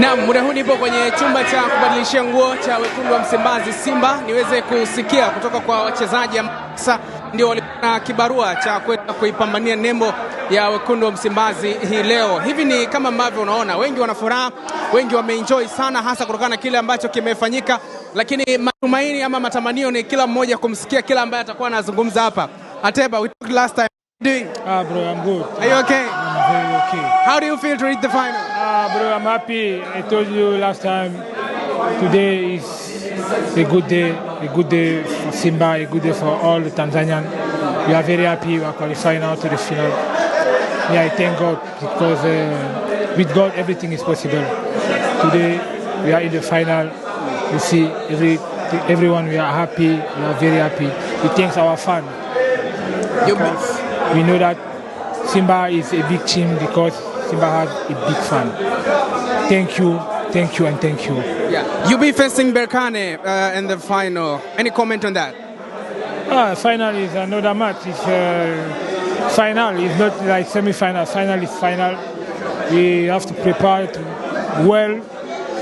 Naam, muda huu nipo kwenye chumba cha kubadilishia nguo cha wekundu wa Msimbazi Simba niweze kusikia kutoka kwa wachezaji ambao ndio walipata kibarua cha kwenda kuipambania nembo ya wekundu wa Msimbazi hii leo. Hivi ni kama ambavyo unaona, wengi wana furaha, wengi wameenjoy sana, hasa kutokana na kile ambacho kimefanyika, lakini matumaini ama matamanio ni kila mmoja kumsikia kila ambaye atakuwa anazungumza hapa. Ateba, we talked last time. Ah, bro, I'm good. Are you okay? very okay. How do you feel to reach the final? Ah, bro, I'm happy. I told you last time. Today is a good day, a good day for Simba, a good day for all the Tanzanian. We are very happy we are qualifying out to the final. Yeah, I thank God because uh, with God everything is possible. Today we are in the final. You see, every, everyone we are happy, we are very happy. We thank our fans. We know that Simba is a big team because Simba has a big fan. Thank you, thank you, and thank you. Yeah, you'll be facing Berkane uh, in the final. Any comment on that? Ah, final is another match. It's uh, final. It's not like semi-final. Final is final. We have to prepare to well,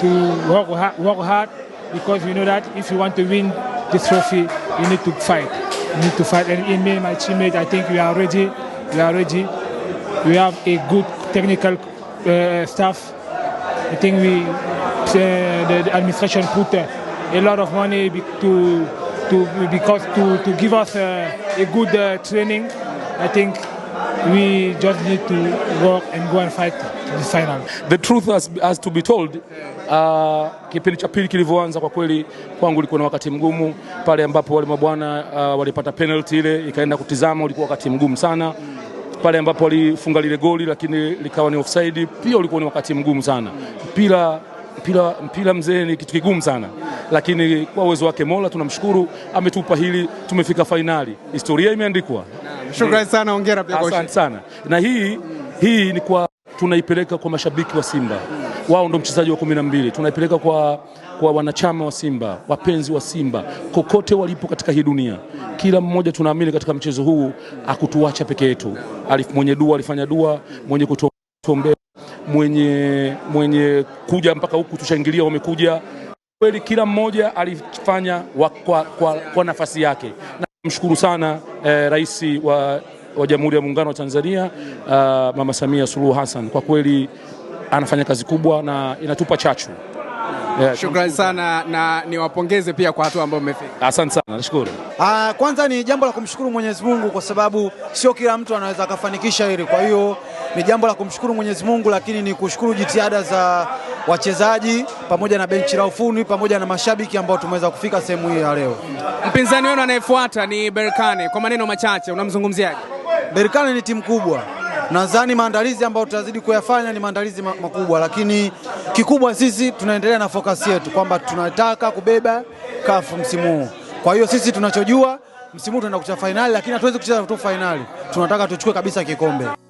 to work hard, work hard, because we know that if you want to win this trophy, you need to fight. You need to fight. And in me and my teammate, I think we are ready. We are ready. we have a good technical uh, staff. I think we, uh, the, the, administration put uh, a lot of money to, to, because to, to give us uh, a good uh, training. I think we just need to work and go and fight the final. The truth has, has to be told. Uh, kipindi cha pili kilivyoanza, kwa kweli kwangu ulikuwa na wakati mgumu pale ambapo wale mabwana uh, walipata penalty ile ikaenda kutizama, ulikuwa wakati mgumu sana pale ambapo alifunga lile goli lakini likawa ni offside, pia ulikuwa ni wakati mgumu sana. Mpira mpira mpira mzee ni kitu kigumu sana, lakini kwa uwezo wake Mola tunamshukuru ametupa hili, tumefika fainali, historia imeandikwa. Shukrani sana, hongera pia. sana na hii hii ni kwa tunaipeleka kwa mashabiki wa Simba, wao ndo mchezaji wa kumi na mbili, tunaipeleka kwa, kwa wanachama wa Simba, wapenzi wa Simba kokote walipo katika hii dunia. Kila mmoja tunaamini katika mchezo huu akutuacha peke yetu. Mwenye dua alifanya dua, mwenye kutuombea, mwenye, mwenye kuja mpaka huku tushangilia, wamekuja kweli. Kila mmoja alifanya kwa, kwa, kwa nafasi yake, na mshukuru sana eh, rais wa wa Jamhuri ya Muungano wa Tanzania uh, Mama Samia Suluhu Hassan kwa kweli anafanya kazi kubwa na inatupa chachu. Yeah, shukrani sana na niwapongeze pia kwa hatua ambayo mmefika. Asante sana, nashukuru. Ah, kwanza ni jambo la kumshukuru Mwenyezi Mungu kwa sababu sio kila mtu anaweza akafanikisha hili. Kwa hiyo ni jambo la kumshukuru Mwenyezi Mungu, lakini ni kushukuru jitihada za wachezaji pamoja na benchi la ufundi pamoja na mashabiki ambao tumeweza kufika sehemu hii ya leo. Mpinzani wenu anayefuata ni Berkane, kwa maneno machache unamzungumziaje? Berkane ni timu kubwa, nadhani maandalizi ambayo tutazidi kuyafanya ni maandalizi makubwa, lakini kikubwa sisi tunaendelea na fokasi yetu kwamba tunataka kubeba kafu msimu huu. Kwa hiyo sisi tunachojua msimu huu tunaenda kucheza fainali, lakini hatuwezi kucheza tu fainali, tunataka tuchukue kabisa kikombe.